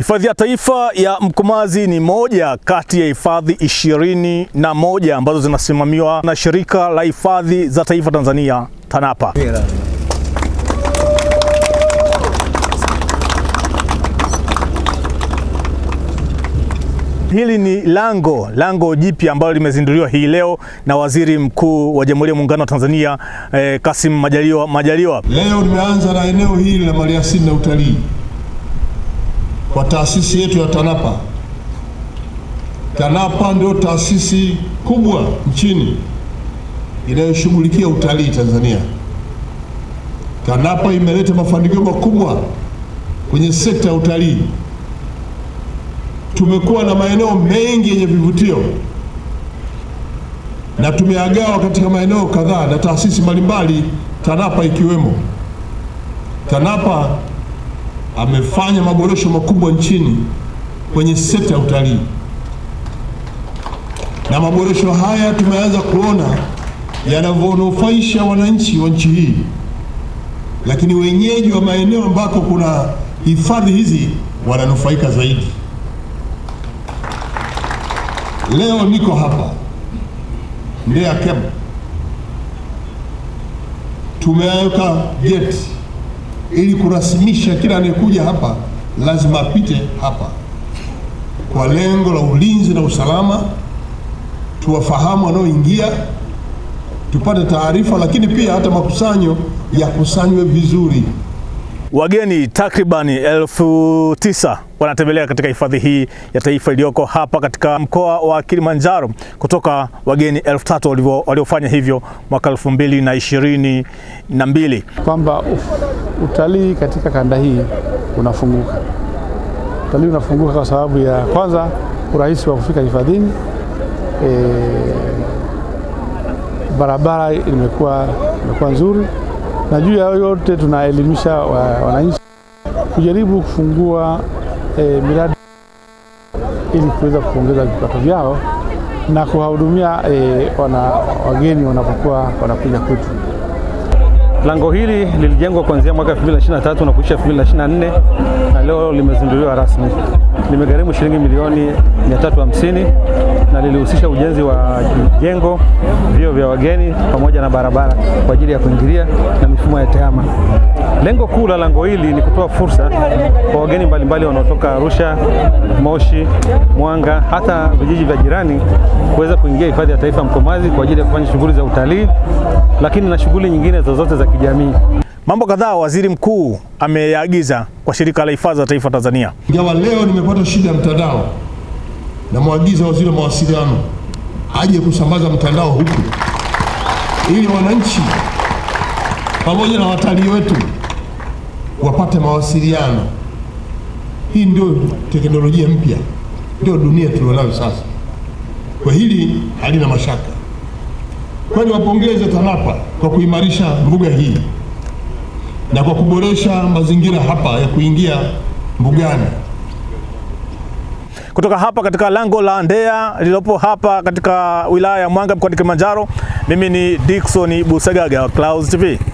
Hifadhi ya Taifa ya Mkomazi ni moja kati ya hifadhi ishirini na moja ambazo zinasimamiwa na Shirika la Hifadhi za Taifa Tanzania TANAPA. Hili ni lango lango jipya ambalo limezinduliwa hii leo na Waziri Mkuu wa Jamhuri ya Muungano wa Tanzania eh, Kassim Majaliwa Majaliwa. Leo nimeanza na eneo hili la maliasili na utalii kwa taasisi yetu ya TANAPA. TANAPA ndio taasisi kubwa nchini inayoshughulikia utalii Tanzania. TANAPA imeleta mafanikio makubwa kwenye sekta ya utalii. Tumekuwa na maeneo mengi yenye vivutio na tumeagawa katika maeneo kadhaa na taasisi mbalimbali TANAPA ikiwemo TANAPA amefanya maboresho makubwa nchini kwenye sekta ya utalii, na maboresho haya tumeanza kuona yanavyonufaisha wananchi wa nchi hii, lakini wenyeji wa maeneo ambako kuna hifadhi hizi wananufaika zaidi. Leo niko hapa Mbeya Camp, tumeweka geti ili kurasimisha kila anayekuja hapa lazima apite hapa kwa lengo la ulinzi na usalama, tuwafahamu wanaoingia, tupate taarifa, lakini pia hata makusanyo yakusanywe vizuri. Wageni takribani elfu tisa wanatembelea katika hifadhi hii ya taifa iliyoko hapa katika mkoa wa Kilimanjaro kutoka wageni elfu tatu waliofanya hivyo mwaka elfu mbili na ishirini na mbili kwamba utalii katika kanda hii unafunguka. Utalii unafunguka kwa sababu ya kwanza, urahisi wa kufika hifadhini. E, barabara imekuwa imekuwa nzuri, na juu ya yote tunaelimisha wananchi kujaribu kufungua e, miradi ili kuweza kuongeza vipato vyao na kuwahudumia e, wana, wageni wanapokuwa wanakuja kwetu. Lango hili lilijengwa kuanzia mwaka 2023 na kuisha 2024 na leo limezinduliwa rasmi. Limegharimu shilingi milioni 350 na lilihusisha ujenzi wa jengo, vio vya wageni pamoja na barabara kwa ajili ya kuingilia na mifumo ya tehama. Lengo kuu la lango hili ni kutoa fursa kwa wageni mbalimbali wanaotoka Arusha, Moshi, Mwanga, hata vijiji vya jirani kuweza kuingia hifadhi ya taifa Mkomazi kwa ajili ya kufanya shughuli za utalii, lakini na shughuli nyingine zozote za kijamii. Mambo kadhaa waziri mkuu ameyaagiza kwa shirika la hifadhi za taifa Tanzania. Ingawa leo nimepata shida ya mtandao Namwagiza waziri wa mawasiliano aje kusambaza mtandao huku ili wananchi pamoja na watalii wetu wapate mawasiliano. Hii ndio teknolojia mpya, ndio dunia tulionayo sasa. Kwa hili halina mashaka. Kwa niwapongeze TANAPA kwa kuimarisha mbuga hii na kwa kuboresha mazingira hapa ya kuingia mbugani kutoka hapa katika lango la ndea lililopo hapa katika wilaya ya Mwanga mkoani Kilimanjaro. Mimi ni Dickson Busagaga wa Clouds TV.